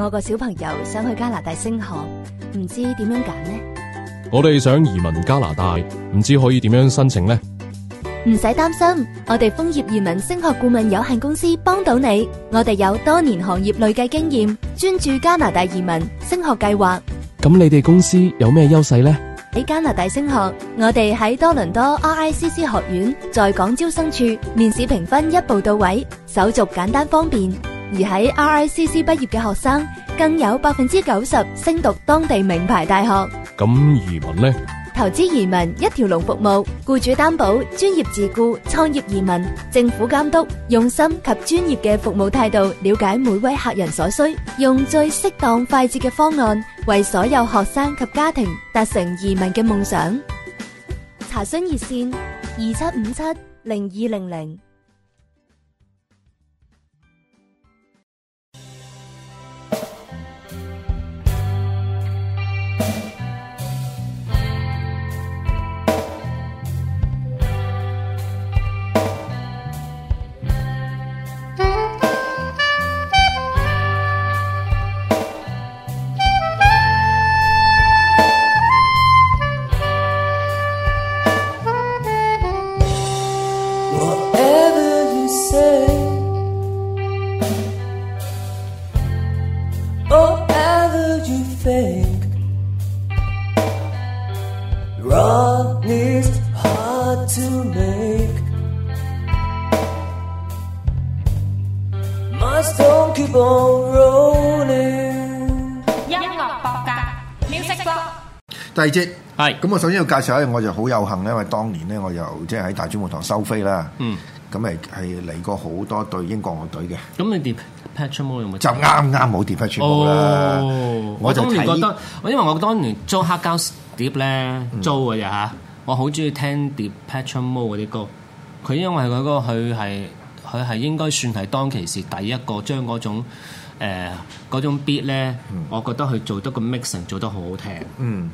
我個小朋友想去加拿大升學，唔知點樣揀呢？我哋想移民加拿大，唔知可以點樣申請呢？唔使擔心，我哋楓葉移民升學顧問有限公司幫到你。我哋有多年行業累計經驗，專注加拿大移民升學計劃。咁你哋公司有咩優勢呢？喺加拿大升學，我哋喺多倫多 RICC 學院在港招生處面試評分一步到位，手續簡單方便。而喺 RICC 畢業嘅學生，更有百分之九十升讀當地名牌大學。咁移民呢？投資移民一條龍服務，雇主擔保、專業自雇、創業移民、政府監督，用心及專業嘅服務態度，了解每位客人所需，用最適當、快捷嘅方案，為所有學生及家庭達成移民嘅夢想。查詢熱線：二七五七零二零零。低係咁，我是首先要介紹下，我就好有幸咧，因為當年咧，我就即係喺大專會堂收飛啦。嗯，咁咪係嚟過好多隊英國樂隊嘅。咁你 Depeche Mode 有冇？就啱啱冇 Depeche Mode 啦。我就覺得，因為我當年、嗯、租黑膠碟咧，租嘅啫嚇。我好中意聽 Depeche Mode 嗰啲歌，佢因為佢個佢係佢係應該算係當其時第一個將嗰種誒嗰、呃、種 beat 咧、嗯，我覺得佢做得個 mixing 做得好好聽。嗯。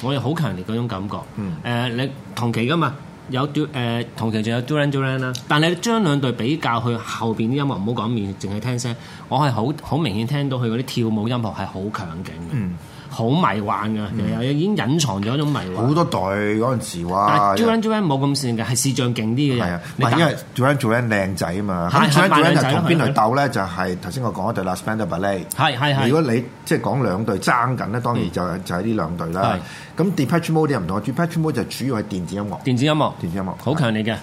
我有好強烈嗰種感覺，誒、嗯呃、你同期㗎嘛，有誒、呃、同期仲有 Duran Duran 啦，uran，但你將兩隊比較去後邊啲音樂，唔好講面，淨係聽聲，我係好好明顯聽到佢嗰啲跳舞音樂係好強勁嘅。嗯好迷幻㗎，已經隱藏咗一種迷幻。好多隊嗰陣時話，但 Duran Duran 冇咁善㗎，係視像勁啲嘅人。啊，因為 Duran Duran 靚仔啊嘛。係 Duran Duran 同邊度鬥咧？就係頭先我講嗰對啦。Spandau Ballet。係係係。如果你即係講兩隊爭緊咧，當然就係就係呢兩隊啦。咁 Depeche Mode 又唔同，Depeche Mode 就主要係電子音樂。電子音樂。電子音樂。好強力嘅。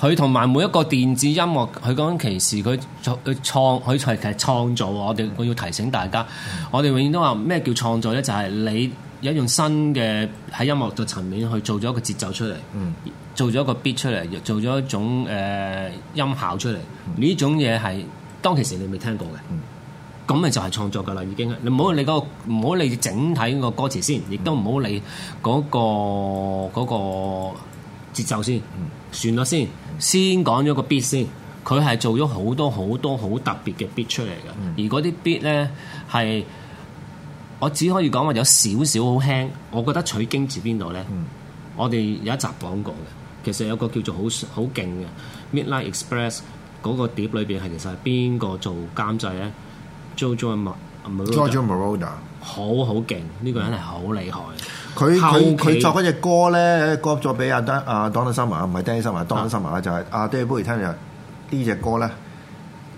佢同埋每一個電子音樂，佢講其實佢創佢創佢其實創造。我哋我要提醒大家，我哋永遠都話咩叫創造咧？係你有一種新嘅喺音樂度層面去做咗個節奏出嚟，嗯、做咗個 beat 出嚟，做咗一種誒、呃、音效出嚟。呢、嗯、種嘢係當其時你未聽過嘅，咁咪、嗯、就係創作㗎啦。已經，你唔好理嗰唔好理整體個歌詞先，亦都唔好理嗰、嗰個嗰、嗰個、節奏先，嗯、算啦先，嗯、先講咗個 beat 先。佢係做咗好多好多好特別嘅 beat 出嚟嘅，嗯、而嗰啲 beat 咧係。我只可以講話有少少好輕。我覺得取經自邊度呢？嗯、我哋有一集講過嘅，其實有個叫做好，好勁嘅 Midnight Express。嗰個碟裏面係其實係邊個做監製呢？Giorgio Moroder，好好勁。呢、呢個人係好厲害。佢期作嗰隻歌呢，歌作畀阿 Donna Summer，唔係 Danny Summer，Donna、uh, Summer，就係阿 David Bowie。不如聽呢隻歌呢，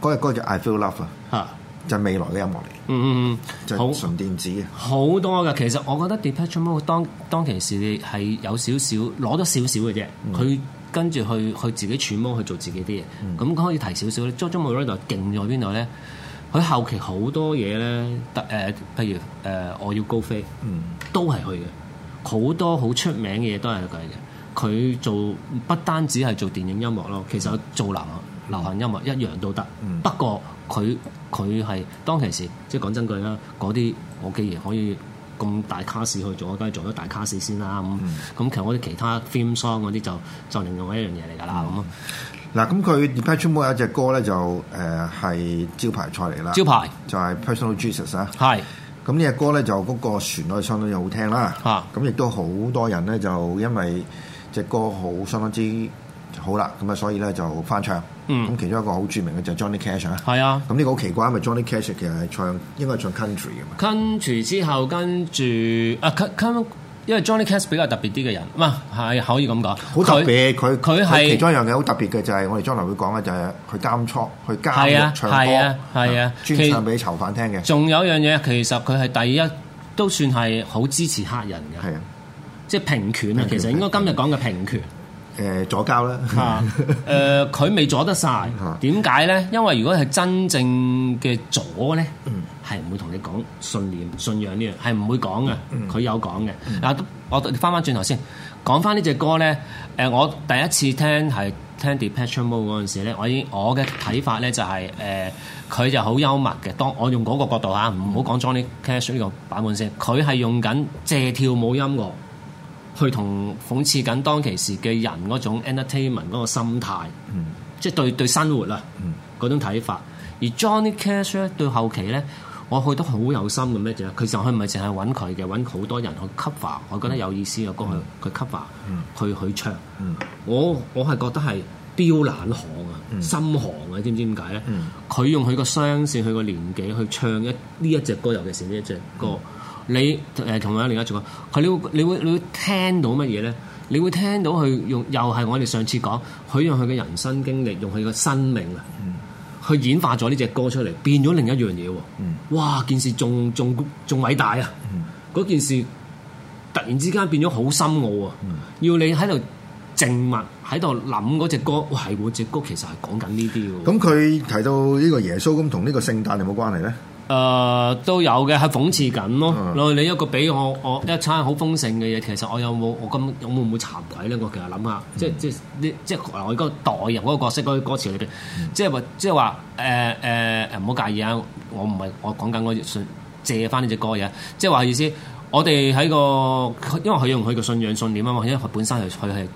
嗰隻歌就 I Feel Love。Uh, 就未來嘅音樂嚟、嗯，嗯嗯嗯，就純電子嘅好，好多噶。其實我覺得 Depeche Mode 當當其時係有少少攞咗少少嘅啫，佢、嗯、跟住去去自己揣摩去做自己啲嘢，咁、嗯、可以提少少咧。張張無樂就勁在邊度咧？佢、嗯嗯、後期好多嘢咧，特、呃、誒譬如誒、呃、我要高飛，都係去嘅。好多好出名嘅嘢都係佢嘅。佢做不單止係做電影音樂咯，其實做流流行音樂一樣都得，嗯、不過佢佢係當其時，即係講真句啦。嗰啲我既然可以咁大卡士去做，梗係做咗大卡士先啦。咁咁、嗯、其實我啲其他 theme song 嗰啲就就另外一、嗯、樣嘢嚟㗎啦。咁嗱，咁佢 Depeche Mode 有一隻歌咧就誒係、呃、招牌菜嚟啦。招牌就係 Personal Jesus 啊是。係。咁呢隻歌咧就嗰、那個旋律相當又好聽啦。嚇是。咁亦都好多人咧就因為隻歌好相當之。好啦，咁啊，所以咧就翻唱，咁其中一個好著名嘅就 Johnny Cash 啦。係啊，咁呢個好奇怪，因為 Johnny Cash 其實係唱應該係唱 country 嘅嘛。country 之後跟住啊，因為 Johnny Cash 比較特別啲嘅人，唔係可以咁講，好特別佢佢係其中一樣嘢好特別嘅就係我哋將來會講嘅就係佢監倉去教唱歌，係啊，係啊，專唱俾囚犯聽嘅。仲有一樣嘢，其實佢係第一都算係好支持黑人嘅，係啊，即係平權啊。其實應該今日講嘅平權。誒左膠啦，誒佢、呃 啊呃、未左得晒，點解咧？因為如果係真正嘅左咧，係唔、嗯、會同你講信念、信仰呢樣，係唔會講嘅。佢、嗯、有講嘅，嗱、嗯、我翻翻轉頭先講翻呢隻歌咧，誒、呃、我第一次聽係聽 Depeche Mode 嗰陣時咧，我已我嘅睇法咧就係誒佢就好幽默嘅，當我用嗰個角度嚇，唔好講 Johnny Cash 呢個版本先，佢係用緊借跳舞音樂。去同諷刺緊當其時嘅人嗰種 entertainment 嗰個心態，即係對對生活啦嗰種睇法。而 Johnny Cash 咧到後期咧，我去得好有心嘅咩嘢咧？其實佢唔係淨係揾佢嘅，揾好多人去 cover。我覺得有意思嘅歌去去 cover，佢去唱。我我係覺得係標冷汗啊，心寒啊，知唔知點解咧？佢用佢個聲線，佢個年紀去唱一呢一隻歌，尤其是呢一隻歌。你誒同埋另一個做過，佢你會你會你會聽到乜嘢咧？你會聽到佢用又係我哋上次講，佢用佢嘅人生經歷，用佢嘅生命啊，嗯、去演化咗呢隻歌出嚟，變咗另一樣嘢喎。嗯、哇！件事仲仲仲偉大啊！嗰、嗯、件事突然之間變咗好深奧啊，嗯、要你喺度靜默喺度諗嗰隻歌，係喎，隻歌其實係講緊呢啲嘅。咁佢、嗯、提到呢個耶穌咁，同呢個聖誕有冇關係咧？誒、呃、都有嘅，係諷刺緊咯。你一個俾我我一餐好豐盛嘅嘢，其實我有冇我咁有冇冇慚愧咧？ 我其實諗下，即即即即，即，即我嗰個代入嗰、那個角色嗰啲、那個、歌詞裏邊，即係話即係話誒誒唔好介意啊。我唔係我講緊我借借翻呢隻歌嘢，即係話、這個、意思，我哋喺個因為佢用佢嘅信仰信念啊嘛，因為佢本身係佢係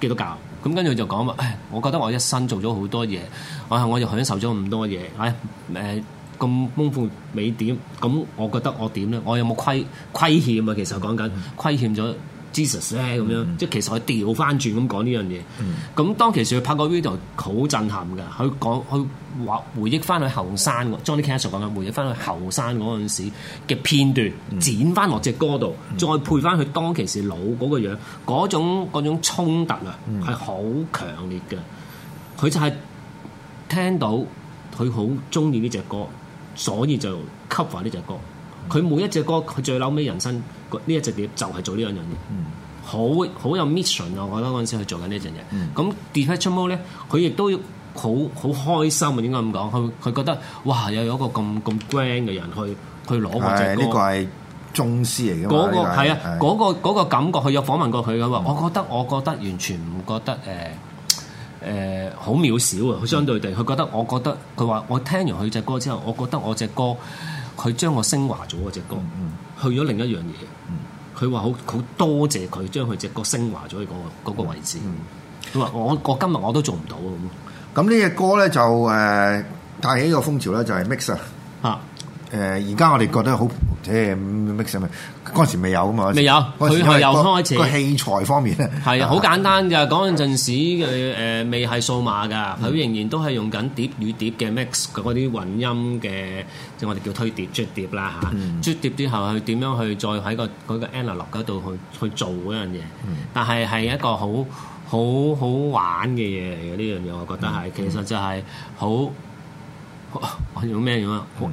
基督教咁，跟住就講話。我覺得我一生做咗好多嘢，我我又享受咗咁多嘢，誒誒。呃呃咁豐富美點？咁我覺得我點咧？我有冇虧虧欠啊？其實講緊虧欠咗 Jesus 咧，咁樣、mm hmm. 即係其實佢調翻轉咁講呢樣嘢。咁、mm hmm. 當其時佢拍個 video 好震撼㗎，佢講佢話回憶翻去後生 Johnny Cash 講緊回憶翻去後生嗰陣時嘅片段，mm hmm. 剪翻落隻歌度，再配翻佢當其時老嗰個樣，嗰種，嗰種衝突啊，係好強烈嘅。佢、mm hmm. 就係聽到佢好中意呢隻歌。所以就 cover 呢隻歌，佢、嗯、每一隻歌佢最嬲尾人生呢一隻碟就係做呢樣嘢，好好、嗯、有 mission 啊！我覺得嗰陣時佢做緊、嗯、呢陣嘢。咁 Depeche Mode 出嚟咧，佢亦都好好開心啊！應該咁講，佢佢覺得哇，又有一個咁咁 grand 嘅人去去攞嗰隻歌。呢、哎這個係宗師嚟嘅，嗰個啊，嗰、那個、是個感覺。佢有訪問過佢嘅話，嗯、我覺得我覺得完全唔覺得誒。呃誒好渺小啊！佢相對地，佢覺得我覺得佢話我聽完佢隻歌之後，我覺得我隻歌佢將我升華咗嗰隻歌，mm hmm. 去咗另一樣嘢。佢話好好多謝佢將佢隻歌升華咗佢、嗰個嗰、嗰個、位置。佢話、mm hmm. 我我今日我都做唔到咁。呢隻歌咧就誒、呃、帶起一個風潮咧，就係、係、mix 啊！誒而家我哋覺得好。即係 mix 啊嘛，嗰時未有噶嘛，未有，佢係由開始個，個器材方面咧，係啊，好簡單嘅。嗰陣、啊、時嘅誒、呃、是 未係數碼噶，佢仍然都係用緊碟與碟嘅 mix 嗰啲混音嘅，即係我哋叫推碟、啜碟啦嚇。啜、嗯、碟之後、那個那個、去點樣去再喺個嗰 analogue 嗰度去去做嗰樣嘢。嗯、但係係一個好好好玩嘅嘢嚟嘅呢樣嘢，我覺得係其實就係好用咩用啊？用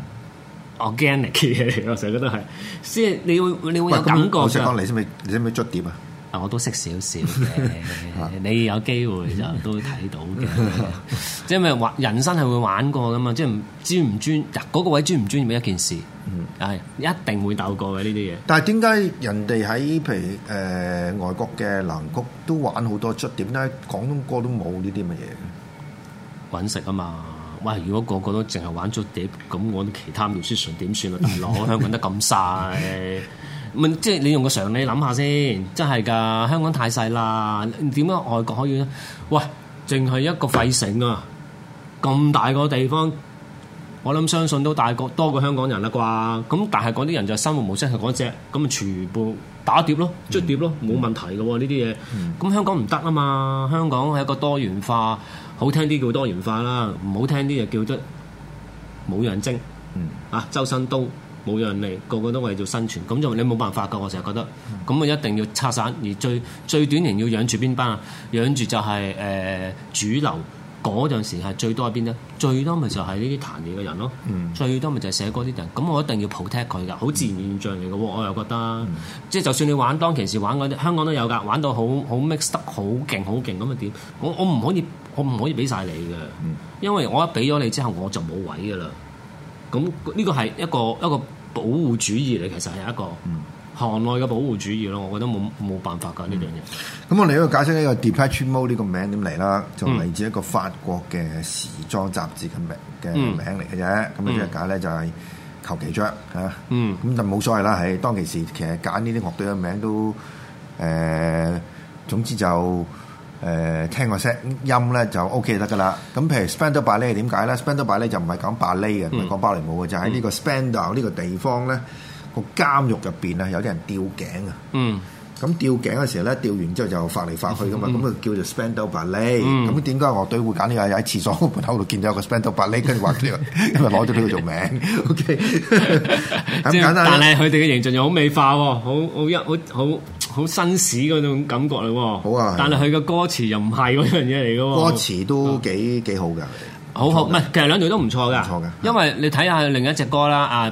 organic 嘢 我成日都係，即係你會你會有感覺，我想講你識唔識你識唔識捽碟啊？啊，我都識少少嘅， 你有機會就都會睇到嘅。 即係咪玩人生係會玩過噶嘛？即係專唔專嗰個位專唔專業一件事，係、嗯、一定會鬥過嘅呢啲嘢。但係點解人哋喺譬如誒、呃、外國嘅南谷都玩好多捽碟咧？廣東歌都冇呢啲嘅嘢搵食啊嘛！喂，如果個個都淨係玩咗碟，咁 我其他啲輸船點算啊？大佬， 香港得咁細，即係你用個常理諗下先，真係㗎，香港太細啦，點解外國可以咧？喂，淨係一個廢城啊，咁大個地方。我諗相信都大過多過香港人啦啩，咁但係嗰啲人就生活模式係嗰隻，咁啊全部打碟咯、捽碟咯，冇、嗯、問題嘅呢啲嘢。咁、嗯、香港唔得啊嘛，香港係一個多元化，好聽啲叫多元化啦，唔好聽啲就叫得冇養精。嗯、啊，周身都冇人嚟，個個都為咗生存，咁就你冇辦法噶。我成日覺得，咁啊一定要拆散，而最最短年要養住邊班啊？養住就係、是、誒、呃、主流。嗰陣時係最多喺邊咧？最多咪就係呢啲彈嘢嘅人咯，嗯、最多咪就係寫歌啲人。咁我一定要 protect 佢噶，好自然現象嚟嘅喎。我又覺得，即係、嗯、就算你玩當其時玩嗰啲，香港都有噶，玩到好好 mix 得好勁好勁咁，咪點？我我唔可以，我唔可以俾晒你嘅，嗯、因為我一俾咗你之後，我就冇位嘅啦。咁呢個係一個一個保護主義嚟，其實係一個。嗯行內嘅保護主義咯，我覺得冇冇辦法㗎呢樣嘢。咁、嗯嗯、我哋要解釋呢個 Depeche Mode 呢個名點嚟啦，就嚟自一個法國嘅時裝雜誌嘅名嘅、嗯、名嚟嘅啫。咁樣即係講咧就係求其著嚇，咁、啊嗯、就冇所謂啦。係當其時其實揀呢啲樂隊嘅名都誒、呃，總之就誒、呃、聽個聲音咧就 OK 得㗎啦。咁譬如 Spandau Ballet 點解咧、嗯、？Spandau Ballet 就唔係講芭蕾嘅，唔係講芭蕾舞嘅，嗯、就喺呢個 Spandau 呢個地方咧。個監獄入邊啊，有啲人吊頸啊。嗯。咁吊頸嘅時候咧，吊完之後就發嚟發去噶嘛。咁佢叫做 Spandau Ballet 嗯。咁點解樂隊會揀呢個？喺廁所個門口度見到有個 Spandau Ballet 跟住話呢個，因為攞咗俾佢做名。O K。咁簡單。但係佢哋嘅形象又好美化，好好一好好好紳士嗰種感覺咯。好啊。但係佢嘅歌詞又唔係嗰樣嘢嚟嘅。歌詞都幾幾好㗎。好好唔係，其實兩隊都唔錯㗎。唔錯㗎。因為你睇下另一隻歌啦，啊。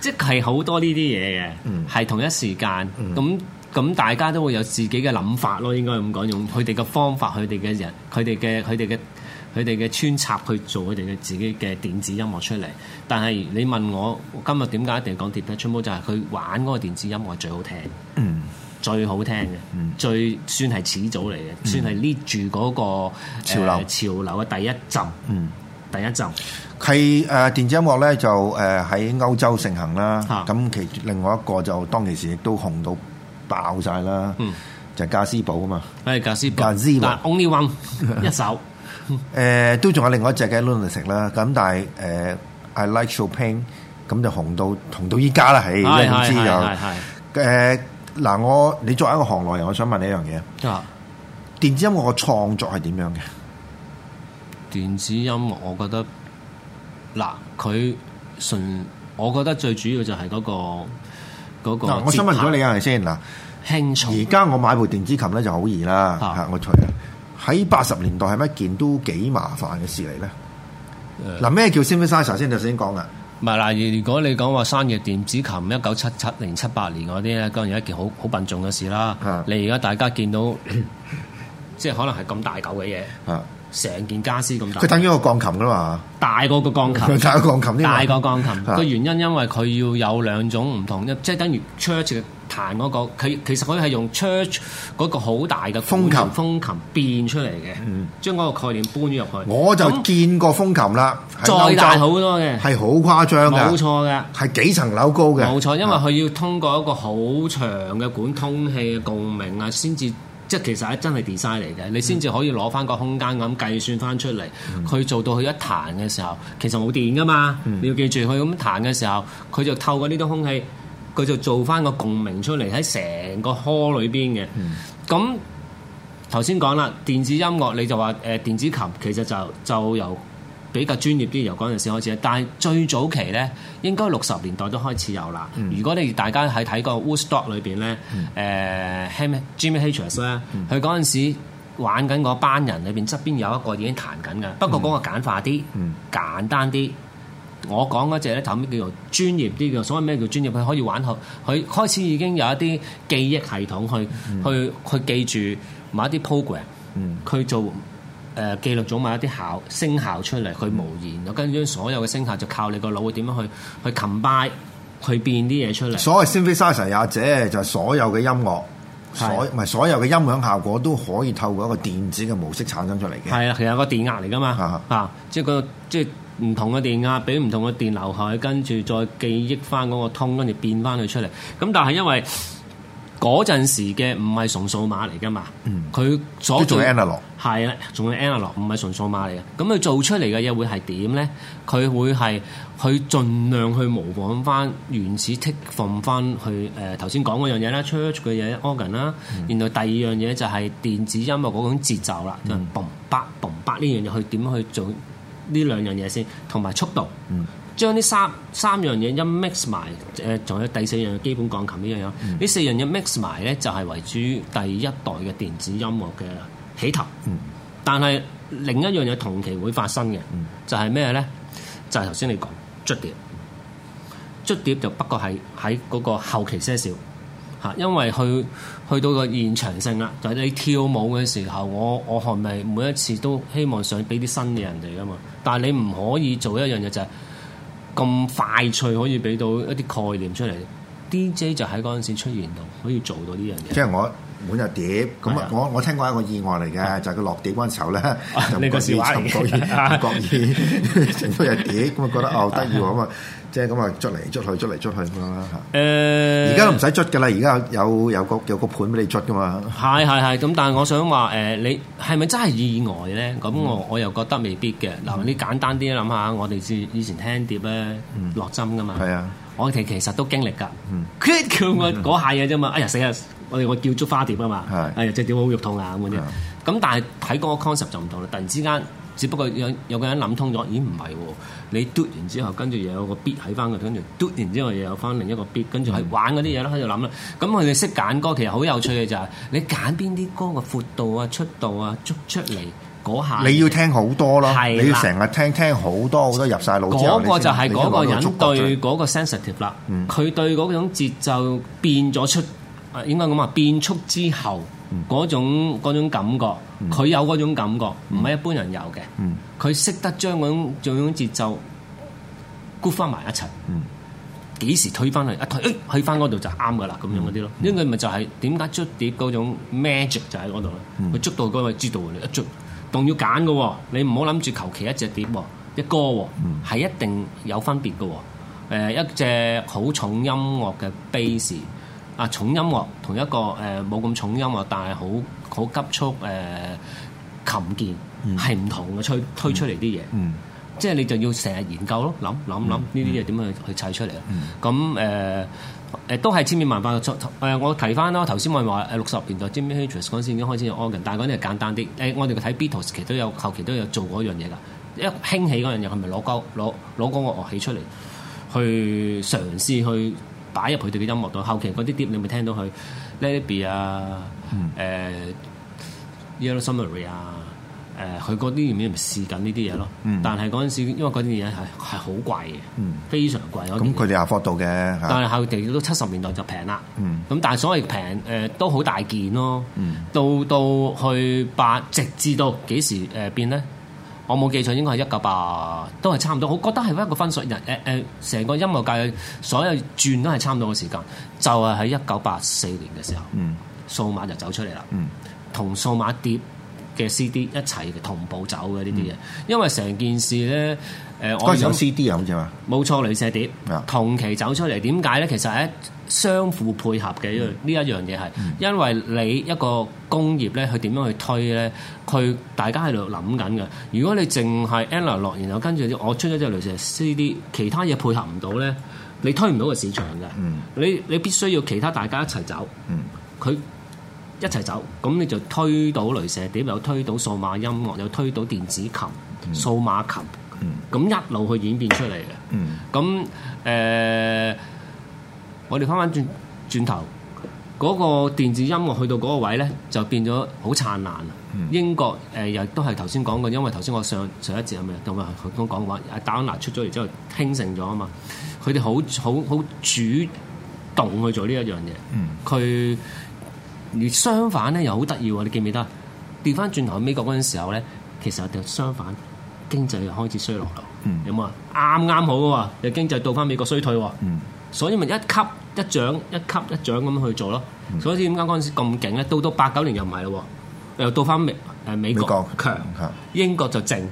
即係好多呢啲嘢嘅，係、嗯、同一時間，咁咁、嗯、大家都會有自己嘅諗法咯。應該咁講，用佢哋嘅方法，佢哋嘅人，佢哋嘅佢哋嘅佢哋嘅穿插去做佢哋嘅自己嘅電子音樂出嚟。但係你問我今日點解一定要講 Depeche Mode，就係佢玩嗰個電子音樂係最好聽，嗯、最好聽嘅，嗯嗯、最算係始祖嚟嘅，嗯、算係拎住嗰個潮流、啊、潮流嘅第一陣。嗯。第一集，佢誒電子音樂咧就誒喺歐洲盛行啦。咁其另外一個就當其時亦都紅到爆曬啦。就 Gazebo 啊嘛，係 Gazebo，GazeboOnly One 一首。誒都仲有另外一隻嘅《Lunatic》啦。咁但係誒，I Like Chopin 咁就紅到紅到依家啦。唉，總之就誒嗱，我你作為一個行內人，我想問你一樣嘢啊。電子音樂嘅創作係點樣嘅？電子音樂，我覺得嗱，佢順，我覺得最主要就係嗰、那個嗰、那個、我想問如果你係先嗱，興趣。而家松我買部電子琴咧就好易啦，嚇、啊、我錯啦。喺八十年代係一件都幾麻煩嘅事嚟咧。嗱，咩叫先 u r f 先頭先講啊？唔係嗱，如果你講話生嘅電子琴，一九七七零七八年嗰啲咧，當然一件好好笨重嘅事啦。啊、你而家大家見到，即係可能係咁大嚿嘅嘢。啊嗯成件家私咁大，佢等於一個鋼琴噶嘛，大過個鋼琴，大過鋼琴。大過鋼琴個原因，因為佢要有兩種唔同，即係等於 church 嘅彈嗰個，佢其實佢係用 church 嗰個好大嘅風琴，風琴變出嚟嘅，將嗰個概念搬咗入去。我就見過風琴啦，再大好多嘅係好誇張嘅，冇錯嘅係幾層樓高嘅，冇錯，因為佢要通過一個好長嘅管通氣嘅共鳴啊，先至。即係其實係真係 design 嚟嘅，你先至可以攞翻個空間咁計算翻出嚟，佢做到佢一彈嘅時候，其實冇電噶嘛。你要記住佢咁彈嘅時候，佢就透過呢啲空氣，佢就做翻個共鳴出嚟喺成個殼裏邊嘅。咁頭先講啦，電子音樂你就話誒、呃、電子琴其實就就有。比較專業啲，由嗰陣時開始咧。但係最早期咧，應該六十年代都開始有啦。嗯、如果你大家喺睇個 Woodstock 裏邊咧，誒、嗯呃、Jimmy Haytus 咧、嗯，佢嗰陣時玩緊嗰班人裏邊側邊有一個已經彈緊嘅。不過講個簡化啲、嗯、簡單啲，我講嗰隻咧就咁叫做專業啲，叫做所謂咩叫專業？佢可以玩好，佢開始已經有一啲記憶系統去、嗯嗯、去去記住某啲 program、嗯、去做。誒、呃、記錄咗埋一啲效聲效出嚟，佢無言，跟住將所有嘅聲效就靠你個腦會點樣去去 combine，去變啲嘢出嚟。所謂聲飛沙塵也者，就係、是、所有嘅音樂，所唔係所有嘅音響效果都可以透過一個電子嘅模式產生出嚟嘅。係啊，其實個電壓嚟㗎嘛，啊的，即係個即係唔同嘅電壓，俾唔同嘅電流去跟住再記憶翻嗰個通，跟住變翻佢出嚟。咁但係因為嗰陣時嘅唔係純數碼嚟噶嘛，佢所做係啦，仲係 analogue，唔係純數碼嚟嘅。咁佢做出嚟嘅嘢會係點咧？佢會係去盡量去模仿翻原始 take from 翻去誒頭先講嗰樣嘢啦，church 嘅嘢 organ 啦、嗯。然後第二樣嘢就係電子音樂嗰種節奏啦，就 boom bang boom bang 呢樣嘢，佢點去做呢兩樣嘢先，同埋速度。嗯將呢三三樣嘢一 mix 埋，誒、呃，仲有第四樣嘅基本鋼琴呢樣嘢。呢、嗯、四樣嘢 mix 埋咧，就係、是、為主第一代嘅電子音樂嘅起頭。嗯、但係另一樣嘢同期會發生嘅、嗯，就係咩咧？就係頭先你講捽碟捽碟，碟就不過係喺嗰個後期些少吓，因為去去到個現場性啦，就係、是、你跳舞嘅時候，我我係咪每一次都希望想俾啲新嘅人哋㗎嘛？但係你唔可以做一樣嘢就係、是。咁快脆可以畀到一啲概念出嚟，D J 就喺嗰陣時出現到，可以做到呢樣嘢。即係我。盤又跌，咁啊，我我聽過一個意外嚟嘅，就係佢落碟嗰陣時候咧，就覺得要尋個意，尋個意，成堆又跌，咁啊覺得哦得意喎，咁啊，即係咁啊，捽嚟捽去，捽嚟捽去咁樣啦嚇。誒，而家都唔使捽嘅啦，而家有有個有個盤俾你捽嘅嘛。係係係，咁但係我想話誒，你係咪真係意外咧？咁我我又覺得未必嘅。嗱，你簡單啲諗下，我哋以前聽碟咧，落針嘅嘛。係啊。我哋其實都經歷㗎，佢、嗯、叫我嗰下嘢啫嘛， 哎呀死啊！我哋我叫捉花碟啊嘛， 哎呀隻碟好肉痛啊咁嘅。咁但係睇個 concept 就唔同啦。突然之間，只不過有有個人諗通咗，咦唔係喎？你嘟完之後，跟住又有個 beat 喺翻度，跟住嘟完之後，完之後又有翻另一個 beat 跟住係玩嗰啲嘢咯，喺度諗啦。咁佢哋識揀歌，其實好有趣嘅就係、是、你揀邊啲歌嘅闊度啊、出度啊捉出嚟。出你要聽好多咯，你要成日聽聽好多好多入晒腦之後，嗰個就係嗰個人對嗰個 sensitive 啦。佢對嗰種節奏變咗出，應該咁話變速之後嗰種感覺，佢有嗰種感覺，唔係一般人有嘅。佢識得將嗰種嗰種節奏 group 翻埋一齊，幾時推翻去一推，誒去翻嗰度就啱噶啦，咁樣嗰啲咯。應該咪就係點解捽碟嗰種 magic 就喺嗰度咧？佢捽到嗰位知道你一捽。仲要揀嘅喎，你唔好諗住求其一隻碟一歌喎，係一定有分別嘅喎。一隻好重音樂嘅 Bass 啊，重音樂同一個誒冇咁重音樂，但係好好急促誒、呃、琴鍵係唔同嘅出推，推出嚟啲嘢，嗯嗯、即係你就要成日研究咯，諗諗諗呢啲嘢點樣去砌出嚟。咁誒、嗯。嗯誒都係千變萬化嘅，錯我提翻咯，頭先我係話六十年代 Jimi Hendrix 嗰陣時已經開始有 organ，但係嗰啲係簡單啲。誒、呃，我哋睇 Beatles 期都有後期都有做嗰樣嘢㗎。一興起嗰樣嘢係咪攞鳩攞攞嗰個樂器出嚟去嘗試去擺入佢哋嘅音樂度？後期嗰啲碟你咪冇聽到佢 Let It Be 啊？誒，Yellow Submarine 啊？.誒，佢嗰啲業者咪試緊呢啲嘢咯，嗯、但係嗰陣時因為嗰啲嘢係係好貴嘅，嗯、非常貴。咁佢哋阿 f 度嘅，但係後地都七十年代就平啦。咁、嗯、但係所謂平誒、呃、都好大件咯。嗯、到到去八直至到幾時誒變咧？我冇記錯應該係一九八，都係差唔多。我覺得係一個分水人誒誒，成、呃呃、個音樂界所有轉都係差唔多嘅時間，就係喺一九八四年嘅時候，嗯、數碼就走出嚟啦，同數碼碟。嘅 C D 一齊同步走嘅呢啲嘢，嗯、因為成件事咧，誒、嗯，都係 C D 啊，好似冇錯，雷射碟麼同期走出嚟，點解咧？其實係相互配合嘅呢一樣嘢係，嗯、因為你一個工業咧，佢點樣去推咧？佢大家喺度諗緊嘅。如果你淨係 analog 落，然後跟住我出咗一隻雷射 C D，其他嘢配合唔到咧，你推唔到個市場嘅。嗯、你你必須要其他大家一齊走，佢、嗯。一齊走，咁你就推到雷射，點又推到數碼音樂，又推到電子琴、數碼琴，咁、嗯、一路去演變出嚟嘅。咁誒、嗯呃，我哋翻翻轉轉頭，嗰、那個電子音樂去到嗰個位呢，就變咗好燦爛。英國誒、呃、又都係頭先講過，因為頭先我上上一節係咪同阿洪講話？阿丹娜出咗嚟之後興盛咗啊嘛，佢哋好好主動去做呢一樣嘢，佢。而相反咧又好得意喎，你記唔記得？掉翻轉頭去美國嗰陣時候咧，其實就相反，經濟又開始衰落咯。有冇啊？啱啱好喎，又經濟到翻美國衰退喎。嗯、所以咪一級一漲一級一漲咁去做咯。嗯、所以點解嗰陣時咁勁咧？到到八九年又唔係咯，又到翻美誒、呃、美國，美國強，的英國就靜，的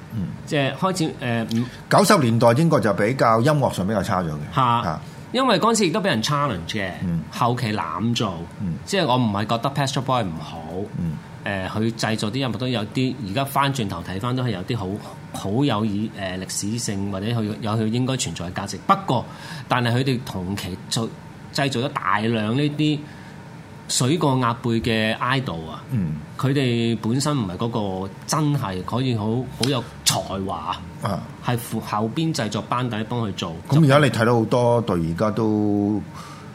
即係開始誒九十年代英國就比較音樂上比較差咗嘅。因為嗰陣時亦都俾人 challenge 嘅，嗯、後期攬做，嗯、即係我唔係覺得 Pet Shop Boys 唔好，誒佢、嗯呃、製作啲音樂都有啲，而家翻轉頭睇翻都係有啲好好有以誒、呃、歷史性或者去有佢應該存在嘅價值。不過，但係佢哋同期做製造咗大量呢啲水過鴨背嘅 idol 啊、嗯，佢哋本身唔係嗰個真係可以好好有才華，係後、啊、邊製作班底幫佢做。咁而家你睇到好多隊而家都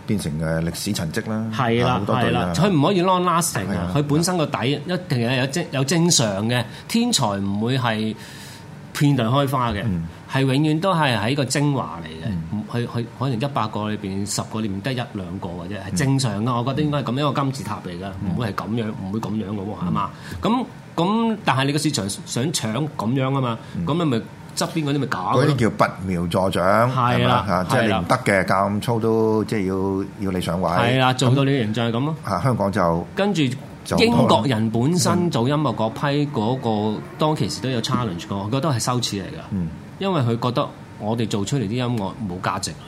變成嘅歷史陳跡啦。係啦、啊，係啦、啊，佢唔、啊啊啊、可以 long lasting 啊！佢本身個底一定係有正有正常嘅天才，唔會係片段開花嘅。嗯係永遠都係喺個精華嚟嘅，去去可能一百個裏邊十個裏面得一兩個或者係正常嘅，我覺得應該係咁樣一個金字塔嚟㗎，唔會係咁樣，唔會咁樣嘅喎，係嘛？咁咁，但係你個市場想搶咁樣啊嘛？咁你咪側邊嗰啲咪搞？嗰啲叫拔苗助長係啦，即係你唔得嘅，咁粗都即係要要你上位係啦，做到你嘅形象係咁咯。嚇香港就跟住英國人本身做音樂嗰批嗰個當其時都有 challenge 過，我覺得係羞恥嚟㗎。因為佢覺得我哋做出嚟啲音樂冇價值啊，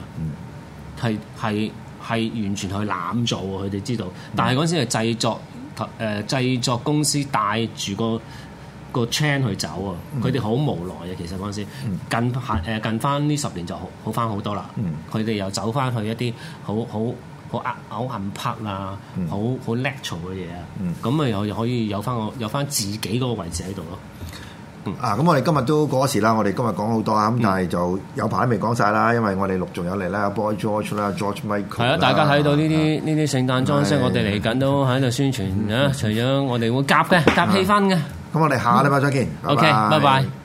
係係係完全去濫做，佢哋知道，但係嗰陣時係製作誒、呃、製作公司帶住個個 chain 去走啊！佢哋好無奈嘅，其實嗰陣時近誒近翻呢十年就好好翻好多啦。佢哋、嗯、又走翻去一啲好好好暗好暗拍啦，好好、嗯、natural 嘅嘢啊！咁啊、嗯、又、又可以有翻個有翻自己嗰個位置喺度咯～嗯、啊！咁我哋今日都過、那個、時啦。我哋今日講好多啊，咁但係就有排未講晒啦。因為我哋陸續仲有嚟啦，Boy George 啦，George Michael。係啊！大家睇到呢啲呢啲聖誕裝飾，啊、我哋嚟緊都喺度宣傳啊。嗯、除咗我哋會夾嘅，夾氣氛嘅。咁、嗯、我哋下禮拜再見。嗯、bye bye OK，拜拜。